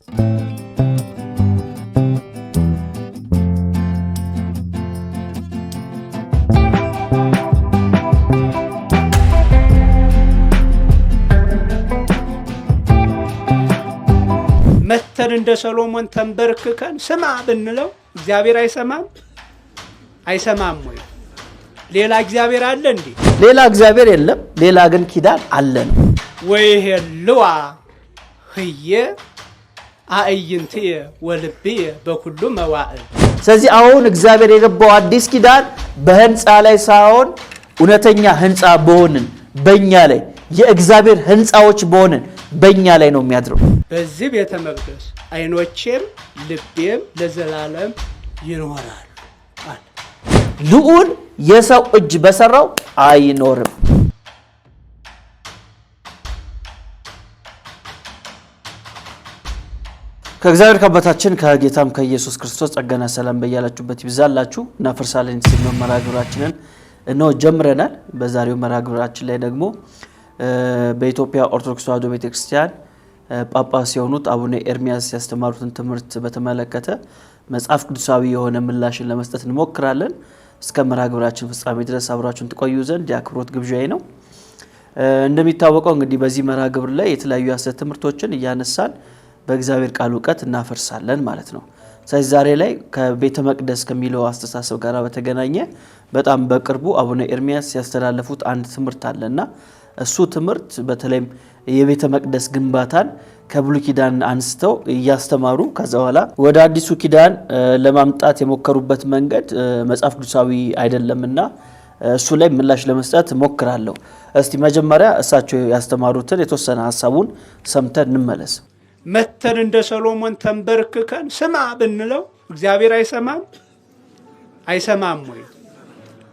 መተን እንደ ሰሎሞን ተንበርክከን ስማ ብንለው እግዚአብሔር አይሰማም አይሰማም ወይ? ሌላ እግዚአብሔር አለ እንዴ? ሌላ እግዚአብሔር የለም። ሌላ ግን ኪዳን አለ ነው ወይ? ሄልዋ ህየ አእይንትየ ወልብየ በኩሉ መዋእል። ስለዚህ አሁን እግዚአብሔር የገባው አዲስ ኪዳን በህንፃ ላይ ሳይሆን እውነተኛ ህንፃ በሆንን በእኛ ላይ የእግዚአብሔር ህንፃዎች በሆንን በእኛ ላይ ነው የሚያድረው። በዚህ ቤተ መቅደስ አይኖቼም ልቤም ለዘላለም ይኖራል። ልዑል የሰው እጅ በሰራው አይኖርም። ከእግዚአብሔር ከአባታችን ከጌታም ከኢየሱስ ክርስቶስ ጸጋና ሰላም በያላችሁበት ይብዛላችሁ። እናፈርሳለን የተሰኘውን መርሃ ግብራችንን እነሆ ጀምረናል። በዛሬው መራግብራችን ግብራችን ላይ ደግሞ በኢትዮጵያ ኦርቶዶክስ ተዋሕዶ ቤተክርስቲያን ጳጳስ የሆኑት አቡነ ኤርሚያስ ያስተማሩትን ትምህርት በተመለከተ መጽሐፍ ቅዱሳዊ የሆነ ምላሽን ለመስጠት እንሞክራለን። እስከ መርሃ ግብራችን ፍጻሜ ድረስ አብራችሁን ትቆዩ ዘንድ የአክብሮት ግብዣዬ ነው። እንደሚታወቀው እንግዲህ በዚህ መርሃ ግብር ላይ የተለያዩ የሐሰት ትምህርቶችን እያነሳን በእግዚአብሔር ቃል እውቀት እናፈርሳለን ማለት ነው። ስለዚህ ዛሬ ላይ ከቤተ መቅደስ ከሚለው አስተሳሰብ ጋር በተገናኘ በጣም በቅርቡ አቡነ ኤርሚያስ ያስተላለፉት አንድ ትምህርት አለ እሱ ትምህርት በተለይም የቤተ መቅደስ ግንባታን ከብሉይ ኪዳን አንስተው እያስተማሩ ከዛ በኋላ ወደ አዲሱ ኪዳን ለማምጣት የሞከሩበት መንገድ መጽሐፍ ቅዱሳዊ አይደለምና እሱ ላይ ምላሽ ለመስጠት ሞክራለሁ። እስቲ መጀመሪያ እሳቸው ያስተማሩትን የተወሰነ ሀሳቡን ሰምተን እንመለስ። መተን እንደ ሰሎሞን ተንበርክከን ስማ ብንለው እግዚአብሔር አይሰማም አይሰማም ወይ?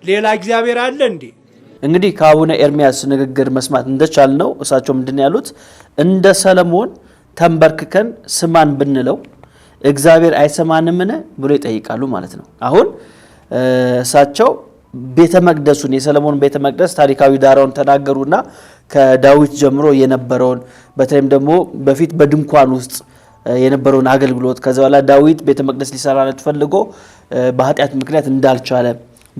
ሌላ እግዚአብሔር አለ እንዴ? እንግዲህ ከአቡነ ኤርሚያስ ንግግር መስማት እንደቻል ነው። እሳቸው ምንድን ያሉት እንደ ሰለሞን ተንበርክከን ስማን ብንለው እግዚአብሔር አይሰማንምን ብሎ ይጠይቃሉ ማለት ነው። አሁን እሳቸው ቤተ መቅደሱን የሰለሞን ቤተ መቅደስ ታሪካዊ ዳራውን ተናገሩና ከዳዊት ጀምሮ የነበረውን በተለይም ደግሞ በፊት በድንኳን ውስጥ የነበረውን አገልግሎት ከዚ በኋላ ዳዊት ቤተ መቅደስ ሊሰራለት ፈልጎ በኃጢአት ምክንያት እንዳልቻለ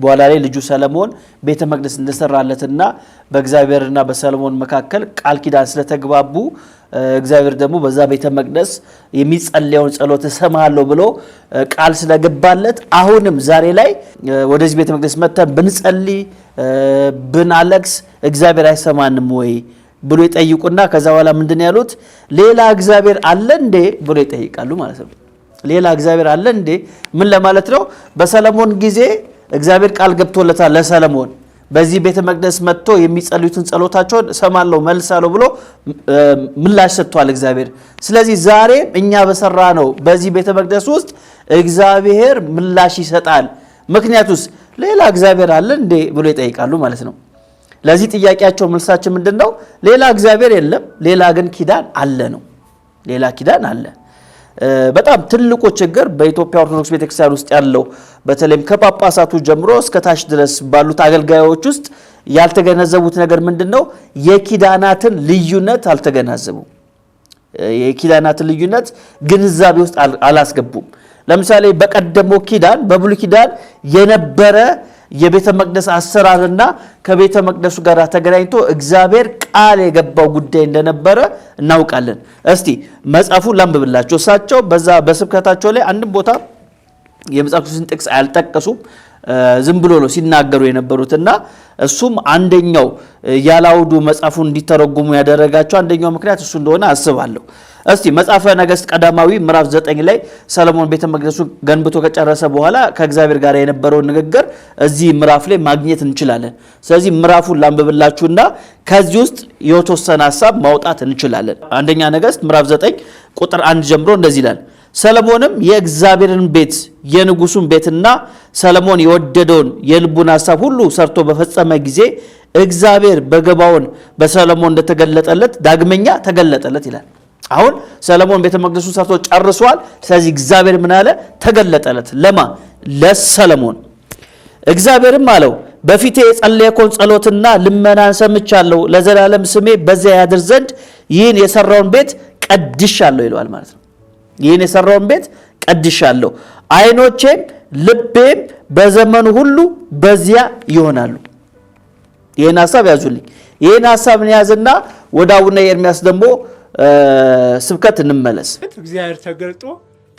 በኋላ ላይ ልጁ ሰለሞን ቤተ መቅደስ እንደሰራለትና በእግዚአብሔርና በሰለሞን መካከል ቃል ኪዳን ስለተግባቡ እግዚአብሔር ደግሞ በዛ ቤተ መቅደስ የሚጸለየውን ጸሎት እሰማለሁ ብሎ ቃል ስለገባለት አሁንም ዛሬ ላይ ወደዚህ ቤተ መቅደስ መጥተን ብንጸልይ ብናለቅስ እግዚአብሔር አይሰማንም ወይ ብሎ ይጠይቁና ከዛ በኋላ ምንድን ያሉት ሌላ እግዚአብሔር አለ እንዴ ብሎ ይጠይቃሉ ማለት ነው። ሌላ እግዚአብሔር አለ እንዴ ምን ለማለት ነው? በሰለሞን ጊዜ እግዚአብሔር ቃል ገብቶለታል ለሰለሞን በዚህ ቤተ መቅደስ መጥቶ የሚጸልዩትን ጸሎታቸውን እሰማለሁ መልሳለሁ ብሎ ምላሽ ሰጥቷል እግዚአብሔር። ስለዚህ ዛሬም እኛ በሰራ ነው በዚህ ቤተ መቅደስ ውስጥ እግዚአብሔር ምላሽ ይሰጣል። ምክንያቱስ ሌላ እግዚአብሔር አለ እንዴ ብሎ ይጠይቃሉ ማለት ነው። ለዚህ ጥያቄያቸው መልሳችን ምንድን ነው? ሌላ እግዚአብሔር የለም፣ ሌላ ግን ኪዳን አለ ነው። ሌላ ኪዳን አለ በጣም ትልቁ ችግር በኢትዮጵያ ኦርቶዶክስ ቤተክርስቲያን ውስጥ ያለው በተለይም ከጳጳሳቱ ጀምሮ እስከ ታች ድረስ ባሉት አገልጋዮች ውስጥ ያልተገነዘቡት ነገር ምንድን ነው? የኪዳናትን ልዩነት አልተገናዘቡም። የኪዳናትን ልዩነት ግንዛቤ ውስጥ አላስገቡም። ለምሳሌ በቀደሞ ኪዳን በብሉይ ኪዳን የነበረ የቤተ መቅደስ አሰራርና ከቤተ መቅደሱ ጋር ተገናኝቶ እግዚአብሔር ቃል የገባው ጉዳይ እንደነበረ እናውቃለን። እስቲ መጽሐፉ ላንብብላቸው። እሳቸው በዛ በስብከታቸው ላይ አንድም ቦታ የመጽሐፍ ቅዱስን ጥቅስ አልጠቀሱም። ዝም ብሎ ነው ሲናገሩ የነበሩትና እሱም አንደኛው ያለ አውዱ መጽሐፉን እንዲተረጉሙ ያደረጋቸው አንደኛው ምክንያት እሱ እንደሆነ አስባለሁ። እስቲ መጽሐፈ ነገሥት ቀዳማዊ ምዕራፍ ዘጠኝ ላይ ሰለሞን ቤተ መቅደሱ ገንብቶ ከጨረሰ በኋላ ከእግዚአብሔር ጋር የነበረውን ንግግር እዚህ ምዕራፍ ላይ ማግኘት እንችላለን። ስለዚህ ምዕራፉን ላንብብላችሁና ከዚህ ውስጥ የተወሰነ ሀሳብ ማውጣት እንችላለን። አንደኛ ነገሥት ምዕራፍ ዘጠኝ ቁጥር አንድ ጀምሮ እንደዚህ ይላል ሰለሞንም የእግዚአብሔርን ቤት የንጉሱን ቤትና ሰለሞን የወደደውን የልቡን ሐሳብ ሁሉ ሰርቶ በፈጸመ ጊዜ እግዚአብሔር በገባውን በሰለሞን እንደተገለጠለት ዳግመኛ ተገለጠለት ይላል። አሁን ሰለሞን ቤተ መቅደሱን ሰርቶ ጨርሷል። ስለዚህ እግዚአብሔር ምን አለ? ተገለጠለት። ለማ ለሰለሞን እግዚአብሔርም አለው በፊቴ የጸለየኮን ጸሎትና ልመናን ሰምቻለሁ። ለዘላለም ስሜ በዚያ ያድር ዘንድ ይህን የሰራውን ቤት ቀድሻለሁ ይለዋል ማለት ነው። ይህን የሰራውን ቤት ቀድሻለሁ፣ ዓይኖቼም ልቤም በዘመኑ ሁሉ በዚያ ይሆናሉ። ይህን ሀሳብ ያዙልኝ። ይህን ሀሳብ ያዝና ወደ አቡነ ኤርሚያስ ደግሞ ስብከት እንመለስ። እግዚአብሔር ተገልጦ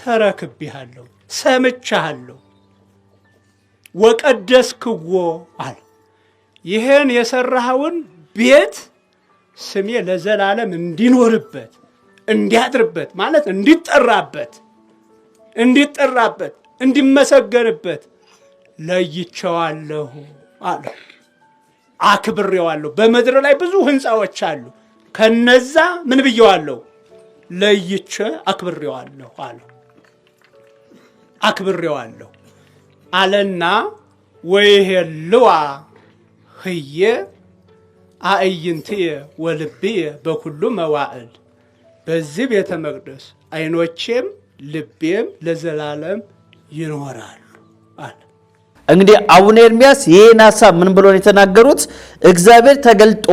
ተረክቤሃለሁ፣ ሰምቻሃለሁ፣ ወቀደስክዎ አለ። ይህን የሰራኸውን ቤት ስሜ ለዘላለም እንዲኖርበት እንዲያድርበት ማለት እንዲጠራበት እንዲጠራበት እንዲመሰገንበት ለይቸዋለሁ አለ። አክብሬዋለሁ። በምድር ላይ ብዙ ህንፃዎች አሉ። ከነዛ ምን ብየዋለሁ? ለይቼ አክብሬዋለሁ አለ አክብሬዋለሁ አለና ወይሄልዋ ህዬ አእይንትየ ወልብየ በኩሉ መዋዕል በዚህ ቤተ መቅደስ አይኖቼም ልቤም ለዘላለም ይኖራሉ አለ። እንግዲህ አቡነ ኤርሚያስ ይህን ሀሳብ ምን ብሎ ነው የተናገሩት? እግዚአብሔር ተገልጦ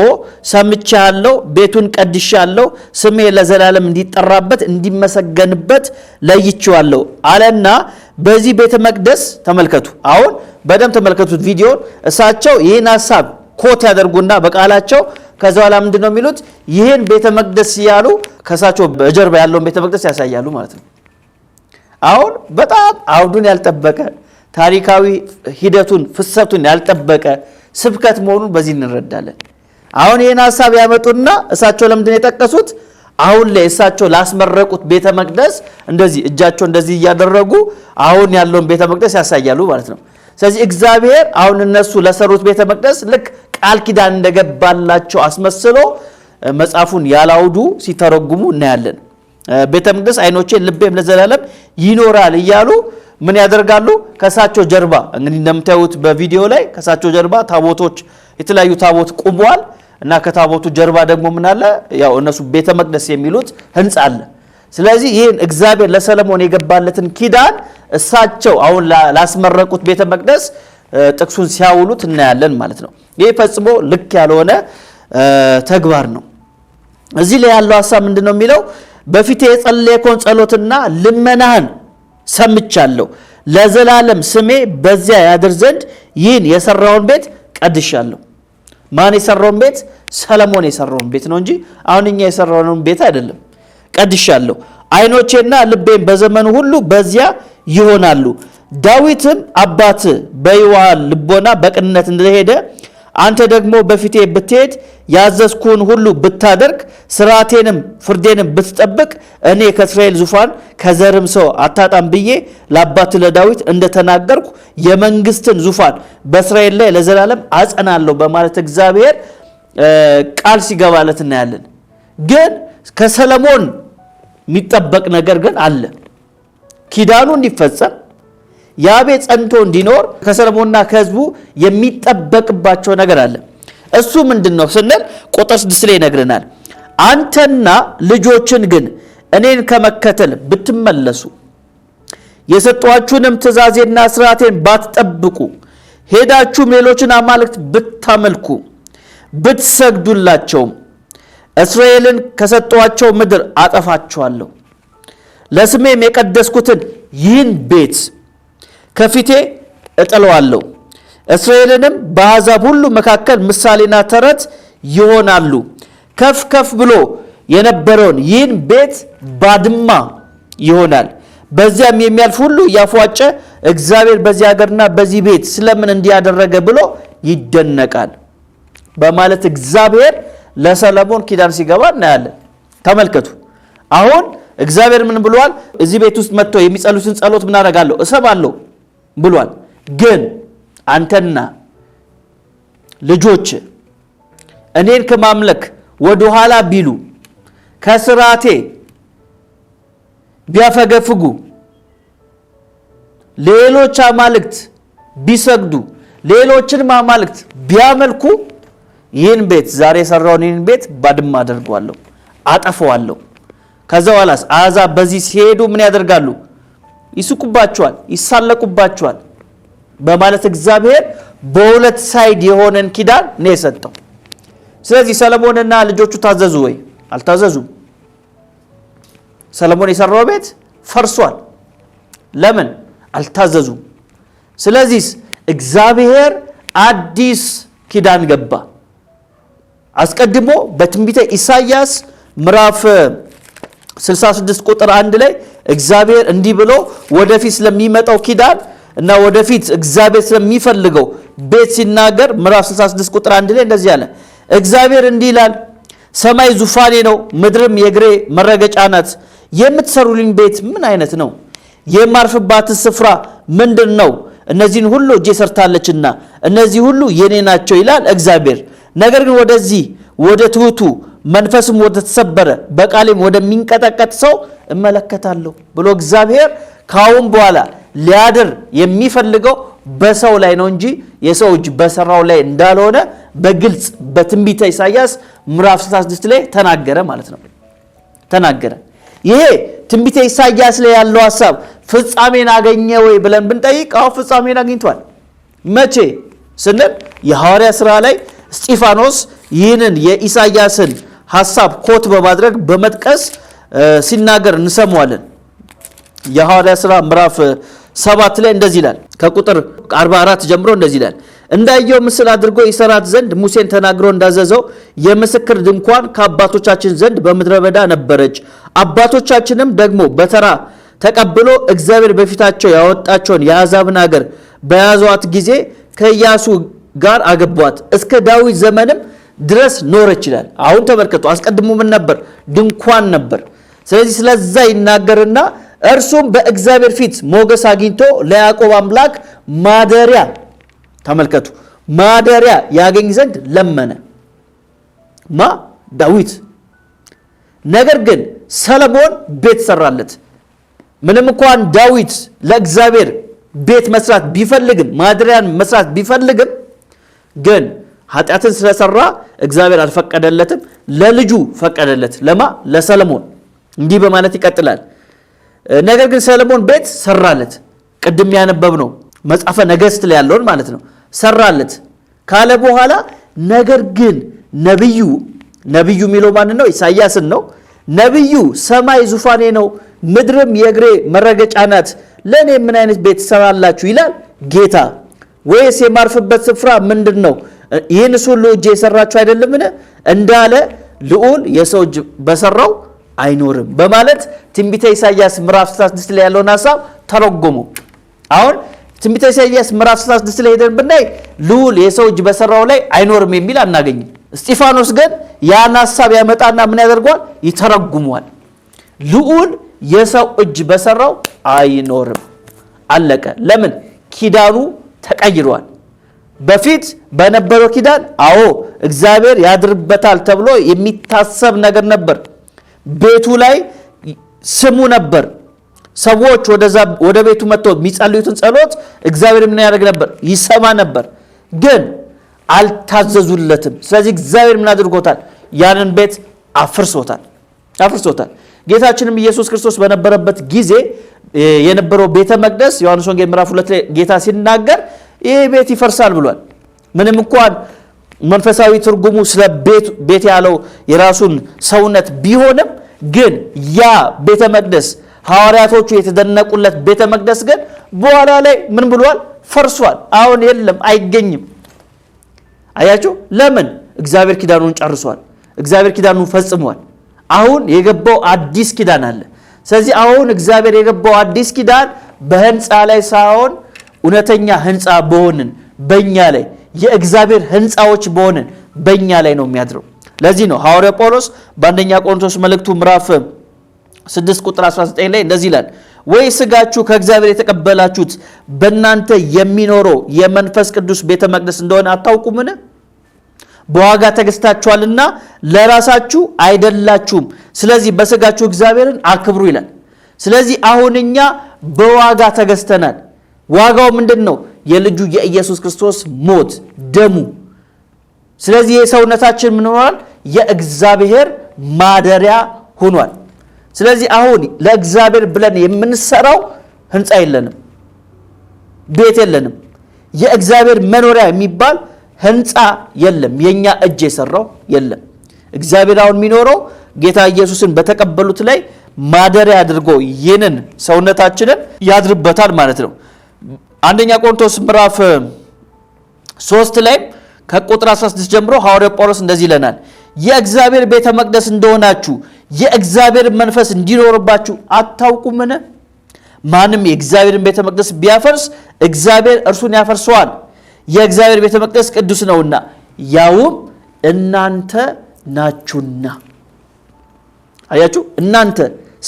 ሰምቻለሁ፣ ቤቱን ቀድሻለሁ፣ ስሜ ለዘላለም እንዲጠራበት እንዲመሰገንበት ለይችዋለሁ አለና በዚህ ቤተ መቅደስ ተመልከቱ። አሁን በደንብ ተመልከቱት ቪዲዮን። እሳቸው ይህን ሀሳብ ኮት ያደርጉና በቃላቸው ከዚ በኋላ ምንድን ነው የሚሉት? ይህን ቤተ መቅደስ እያሉ ከእሳቸው በጀርባ ያለውን ቤተ መቅደስ ያሳያሉ ማለት ነው። አሁን በጣም አውዱን ያልጠበቀ ታሪካዊ ሂደቱን ፍሰቱን ያልጠበቀ ስብከት መሆኑን በዚህ እንረዳለን። አሁን ይህን ሀሳብ ያመጡና እሳቸው ለምንድን የጠቀሱት አሁን ላይ እሳቸው ላስመረቁት ቤተ መቅደስ እንደዚህ እጃቸው እንደዚህ እያደረጉ አሁን ያለውን ቤተ መቅደስ ያሳያሉ ማለት ነው። ስለዚህ እግዚአብሔር አሁን እነሱ ለሰሩት ቤተ መቅደስ ልክ ቃል ኪዳን እንደገባላቸው አስመስሎ መጽሐፉን ያላውዱ ሲተረጉሙ እናያለን። ቤተ መቅደስ አይኖቼን ልቤም ለዘላለም ይኖራል እያሉ ምን ያደርጋሉ? ከእሳቸው ጀርባ እንግዲህ እንደምታዩት በቪዲዮ ላይ ከእሳቸው ጀርባ ታቦቶች፣ የተለያዩ ታቦት ቁመዋል እና ከታቦቱ ጀርባ ደግሞ ምን አለ? ያው እነሱ ቤተ መቅደስ የሚሉት ህንፃ አለ። ስለዚህ ይህን እግዚአብሔር ለሰለሞን የገባለትን ኪዳን እሳቸው አሁን ላስመረቁት ቤተ መቅደስ ጥቅሱን ሲያውሉት እናያለን ማለት ነው። ይህ ፈጽሞ ልክ ያልሆነ ተግባር ነው። እዚህ ላይ ያለው ሀሳብ ምንድን ነው የሚለው? በፊቴ የጸለየኮን ጸሎትና ልመናህን ሰምቻለሁ። ለዘላለም ስሜ በዚያ ያድር ዘንድ ይህን የሰራውን ቤት ቀድሻለሁ። ማን የሰራውን ቤት? ሰለሞን የሰራውን ቤት ነው እንጂ አሁን እኛ ቤት አይደለም። ቀድሻለሁ። ዓይኖቼና ልቤም በዘመኑ ሁሉ በዚያ ይሆናሉ። ዳዊትም አባት በይዋሃል ልቦና በቅንነት እንደሄደ አንተ ደግሞ በፊቴ ብትሄድ ያዘዝኩን ሁሉ ብታደርግ ስርዓቴንም ፍርዴንም ብትጠብቅ እኔ ከእስራኤል ዙፋን ከዘርም ሰው አታጣም ብዬ ለአባት ለዳዊት እንደተናገርኩ የመንግስትን ዙፋን በእስራኤል ላይ ለዘላለም አጸናለሁ በማለት እግዚአብሔር ቃል ሲገባለት እናያለን። ግን ከሰለሞን የሚጠበቅ ነገር ግን አለ ኪዳኑ እንዲፈጸም ያቤ ጸንቶ እንዲኖር ከሰለሞንና ከህዝቡ የሚጠበቅባቸው ነገር አለ። እሱ ምንድን ነው ስንል ቁጥር ስድስት ላይ ይነግረናል። አንተና ልጆችን ግን እኔን ከመከተል ብትመለሱ የሰጧችሁንም ትእዛዜና ስርዓቴን ባትጠብቁ ሄዳችሁም ሌሎችን አማልክት ብታመልኩ ብትሰግዱላቸውም እስራኤልን ከሰጧቸው ምድር አጠፋችኋለሁ። ለስሜም የቀደስኩትን ይህን ቤት ከፊቴ እጥለዋለሁ። እስራኤልንም በአሕዛብ ሁሉ መካከል ምሳሌና ተረት ይሆናሉ። ከፍ ከፍ ብሎ የነበረውን ይህን ቤት ባድማ ይሆናል። በዚያም የሚያልፍ ሁሉ ያፏጨ እግዚአብሔር በዚህ ሀገርና በዚህ ቤት ስለምን እንዲያደረገ ብሎ ይደነቃል በማለት እግዚአብሔር ለሰለሞን ኪዳን ሲገባ እናያለን። ተመልከቱ። አሁን እግዚአብሔር ምን ብለዋል? እዚህ ቤት ውስጥ መጥቶ የሚጸሉትን ጸሎት ምን አደርጋለሁ? እሰማለሁ ብሏል። ግን አንተና ልጆች እኔን ከማምለክ ወደኋላ ቢሉ ከስርዓቴ ቢያፈገፍጉ ሌሎች አማልክት ቢሰግዱ ሌሎችን አማልክት ቢያመልኩ ይህን ቤት ዛሬ የሰራውን ይህን ቤት ባድማ አደርገዋለሁ፣ አጠፈዋለሁ። ከዛ ኋላስ አሕዛብ በዚህ ሲሄዱ ምን ያደርጋሉ? ይስቁባቸዋል፣ ይሳለቁባቸዋል በማለት እግዚአብሔር በሁለት ሳይድ የሆነን ኪዳን ነው የሰጠው። ስለዚህ ሰለሞንና ልጆቹ ታዘዙ ወይ? አልታዘዙም። ሰለሞን የሰራው ቤት ፈርሷል። ለምን አልታዘዙም? ስለዚህ እግዚአብሔር አዲስ ኪዳን ገባ። አስቀድሞ በትንቢተ ኢሳይያስ ምዕራፍ 66 ቁጥር አንድ ላይ እግዚአብሔር እንዲህ ብሎ ወደፊት ስለሚመጣው ኪዳን እና ወደፊት እግዚአብሔር ስለሚፈልገው ቤት ሲናገር ምዕራፍ 66 ቁጥር አንድ ላይ እንደዚህ አለ። እግዚአብሔር እንዲህ ይላል፣ ሰማይ ዙፋኔ ነው፣ ምድርም የእግሬ መረገጫ ናት። የምትሰሩልኝ ቤት ምን አይነት ነው? የማርፍባት ስፍራ ምንድን ነው? እነዚህን ሁሉ እጄ ሰርታለችና እነዚህ ሁሉ የኔ ናቸው ይላል እግዚአብሔር። ነገር ግን ወደዚህ ወደ ትሑቱ መንፈስም ወደ ተሰበረ በቃሌም ወደሚንቀጠቀጥ ሰው እመለከታለሁ ብሎ እግዚአብሔር ካሁን በኋላ ሊያድር የሚፈልገው በሰው ላይ ነው እንጂ የሰው እጅ በሰራው ላይ እንዳልሆነ በግልጽ በትንቢተ ኢሳያስ ምዕራፍ 66 ላይ ተናገረ ማለት ነው። ተናገረ። ይሄ ትንቢተ ኢሳያስ ላይ ያለው ሀሳብ ፍጻሜን አገኘ ወይ ብለን ብንጠይቅ፣ አሁ ፍጻሜን አግኝቷል። መቼ ስንል የሐዋርያ ስራ ላይ እስጢፋኖስ ይህንን የኢሳያስን ሀሳብ ኮት በማድረግ በመጥቀስ ሲናገር እንሰማዋለን። የሐዋርያ ሥራ ምዕራፍ ሰባት ላይ እንደዚህ ይላል። ከቁጥር 44 ጀምሮ እንደዚህ ይላል። እንዳየው ምስል አድርጎ ይሰራት ዘንድ ሙሴን ተናግሮ እንዳዘዘው የምስክር ድንኳን ከአባቶቻችን ዘንድ በምድረ በዳ ነበረች። አባቶቻችንም ደግሞ በተራ ተቀብሎ እግዚአብሔር በፊታቸው ያወጣቸውን የአሕዛብን አገር በያዟት ጊዜ ከኢያሱ ጋር አገቧት። እስከ ዳዊት ዘመንም ድረስ ኖረች ይላል። አሁን ተመልከቱ፣ አስቀድሞ ምን ነበር? ድንኳን ነበር። ስለዚህ ስለዛ ይናገርና እርሱም በእግዚአብሔር ፊት ሞገስ አግኝቶ ለያዕቆብ አምላክ ማደሪያ ተመልከቱ፣ ማደሪያ ያገኝ ዘንድ ለመነ። ማ ዳዊት። ነገር ግን ሰለሞን ቤት ሰራለት። ምንም እንኳን ዳዊት ለእግዚአብሔር ቤት መስራት ቢፈልግም ማደሪያን መስራት ቢፈልግም ግን ኃጢአትን ስለሰራ እግዚአብሔር አልፈቀደለትም፣ ለልጁ ፈቀደለት። ለማ ለሰለሞን እንዲህ በማለት ይቀጥላል። ነገር ግን ሰለሞን ቤት ሰራለት። ቅድም ያነበብ ነው መጽሐፈ ነገሥት ላይ ያለውን ማለት ነው። ሰራለት ካለ በኋላ ነገር ግን ነቢዩ ነቢዩ የሚለው ማን ነው? ኢሳያስን ነው። ነቢዩ ሰማይ ዙፋኔ ነው፣ ምድርም የእግሬ መረገጫ ናት፣ ለእኔ ምን አይነት ቤት ትሰራላችሁ? ይላል ጌታ። ወይስ የማርፍበት ስፍራ ምንድን ነው? ይህንስ ሁሉ እጄ የሰራችሁ አይደለምን እንዳለ ልዑል የሰው እጅ በሰራው አይኖርም በማለት ትንቢተ ኢሳያስ ምዕራፍ 66 ላይ ያለውን ሀሳብ ተረጎሙ። አሁን ትንቢተ ኢሳያስ ምዕራፍ 66 ላይ ሄደን ብናይ ልዑል የሰው እጅ በሰራው ላይ አይኖርም የሚል አናገኝም። እስጢፋኖስ ግን ያን ሀሳብ ያመጣና ምን ያደርገዋል? ይተረጉሟል። ልዑል የሰው እጅ በሰራው አይኖርም። አለቀ። ለምን? ኪዳኑ ተቀይሯል። በፊት በነበረው ኪዳን አዎ እግዚአብሔር ያድርበታል ተብሎ የሚታሰብ ነገር ነበር። ቤቱ ላይ ስሙ ነበር። ሰዎች ወደ ቤቱ መጥተው የሚጸልዩትን ጸሎት እግዚአብሔር ምን ያደርግ ነበር? ይሰማ ነበር። ግን አልታዘዙለትም። ስለዚህ እግዚአብሔር ምን አድርጎታል? ያንን ቤት አፍርሶታል፣ አፍርሶታል። ጌታችንም ኢየሱስ ክርስቶስ በነበረበት ጊዜ የነበረው ቤተ መቅደስ ዮሐንስ ወንጌል ምዕራፍ ሁለት ላይ ጌታ ሲናገር ይሄ ቤት ይፈርሳል ብሏል። ምንም እንኳን መንፈሳዊ ትርጉሙ ስለ ቤት ያለው የራሱን ሰውነት ቢሆንም ግን ያ ቤተ መቅደስ ሐዋርያቶቹ የተደነቁለት ቤተ መቅደስ ግን በኋላ ላይ ምን ብሏል? ፈርሷል። አሁን የለም፣ አይገኝም። አያችሁ? ለምን? እግዚአብሔር ኪዳኑን ጨርሷል። እግዚአብሔር ኪዳኑን ፈጽሟል። አሁን የገባው አዲስ ኪዳን አለ። ስለዚህ አሁን እግዚአብሔር የገባው አዲስ ኪዳን በህንፃ ላይ ሳይሆን እውነተኛ ህንፃ በሆንን በእኛ ላይ የእግዚአብሔር ህንፃዎች በሆንን በእኛ ላይ ነው የሚያድረው። ለዚህ ነው ሐዋርያ ጳውሎስ በአንደኛ ቆሮንቶስ መልእክቱ ምዕራፍ 6 ቁጥር 19 ላይ እንደዚህ ይላል፣ ወይ ስጋችሁ ከእግዚአብሔር የተቀበላችሁት በእናንተ የሚኖረው የመንፈስ ቅዱስ ቤተ መቅደስ እንደሆነ አታውቁምን? በዋጋ ተገዝታችኋልና ለራሳችሁ አይደላችሁም። ስለዚህ በስጋችሁ እግዚአብሔርን አክብሩ ይላል። ስለዚህ አሁን እኛ በዋጋ ተገዝተናል። ዋጋው ምንድን ነው? የልጁ የኢየሱስ ክርስቶስ ሞት ደሙ። ስለዚህ የሰውነታችን ምን ሆኗል? የእግዚአብሔር ማደሪያ ሆኗል። ስለዚህ አሁን ለእግዚአብሔር ብለን የምንሰራው ህንፃ የለንም፣ ቤት የለንም፣ የእግዚአብሔር መኖሪያ የሚባል ህንፃ የለም፣ የእኛ እጅ የሰራው የለም። እግዚአብሔር አሁን የሚኖረው ጌታ ኢየሱስን በተቀበሉት ላይ ማደሪያ አድርጎ ይህንን ሰውነታችንን ያድርበታል ማለት ነው። አንደኛ ቆሮንቶስ ምዕራፍ ሶስት ላይ ከቁጥር 16 ጀምሮ ሐዋርያው ጳውሎስ እንደዚህ ይለናል፣ የእግዚአብሔር ቤተ መቅደስ እንደሆናችሁ የእግዚአብሔር መንፈስ እንዲኖርባችሁ አታውቁምን? ማንም የእግዚአብሔርን ቤተ መቅደስ ቢያፈርስ እግዚአብሔር እርሱን ያፈርሰዋል። የእግዚአብሔር ቤተ መቅደስ ቅዱስ ነውና ያውም እናንተ ናችሁና። አያችሁ፣ እናንተ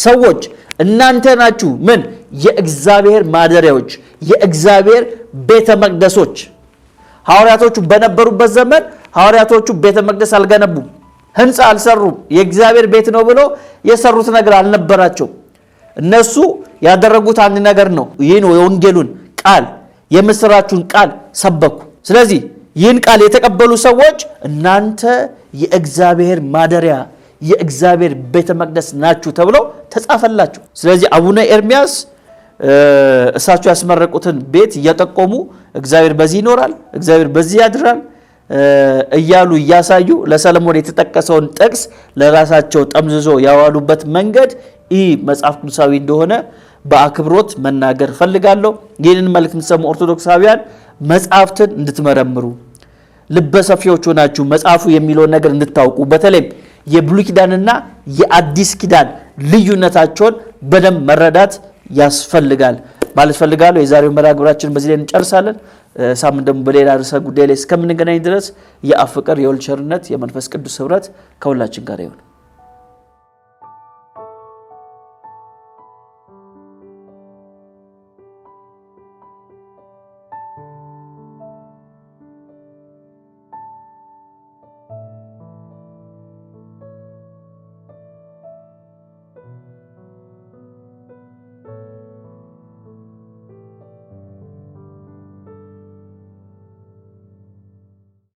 ሰዎች እናንተ ናችሁ ምን የእግዚአብሔር ማደሪያዎች የእግዚአብሔር ቤተ መቅደሶች ሐዋርያቶቹ በነበሩበት ዘመን ሐዋርያቶቹ ቤተ መቅደስ አልገነቡም፣ ህንፃ አልሰሩም። የእግዚአብሔር ቤት ነው ብሎ የሰሩት ነገር አልነበራቸው። እነሱ ያደረጉት አንድ ነገር ነው። ይህን የወንጌሉን ቃል የምስራቹን ቃል ሰበኩ። ስለዚህ ይህን ቃል የተቀበሉ ሰዎች እናንተ የእግዚአብሔር ማደሪያ የእግዚአብሔር ቤተ መቅደስ ናችሁ ተብሎ ተጻፈላችሁ። ስለዚህ አቡነ ኤርሚያስ እሳቸው ያስመረቁትን ቤት እየጠቆሙ እግዚአብሔር በዚህ ይኖራል፣ እግዚአብሔር በዚህ ያድራል እያሉ እያሳዩ ለሰለሞን የተጠቀሰውን ጥቅስ ለራሳቸው ጠምዝዞ ያዋሉበት መንገድ ይህ መጽሐፍ ቅዱሳዊ እንደሆነ በአክብሮት መናገር ፈልጋለሁ። ይህንን መልክ የምትሰሙ ኦርቶዶክሳውያን መጽሐፍትን እንድትመረምሩ ልበሰፊዎች ሆናችሁ መጽሐፉ የሚለውን ነገር እንድታውቁ በተለይም የብሉይ ኪዳንና የአዲስ ኪዳን ልዩነታቸውን በደንብ መረዳት ያስፈልጋል ማለት ፈልጋለሁ። የዛሬውን መርሃ ግብራችን በዚህ ላይ እንጨርሳለን። ሳምንት ደግሞ በሌላ ርዕሰ ጉዳይ ላይ እስከምንገናኝ ድረስ የአብ ፍቅር፣ የወልድ ቸርነት፣ የመንፈስ ቅዱስ ህብረት ከሁላችን ጋር ይሁን።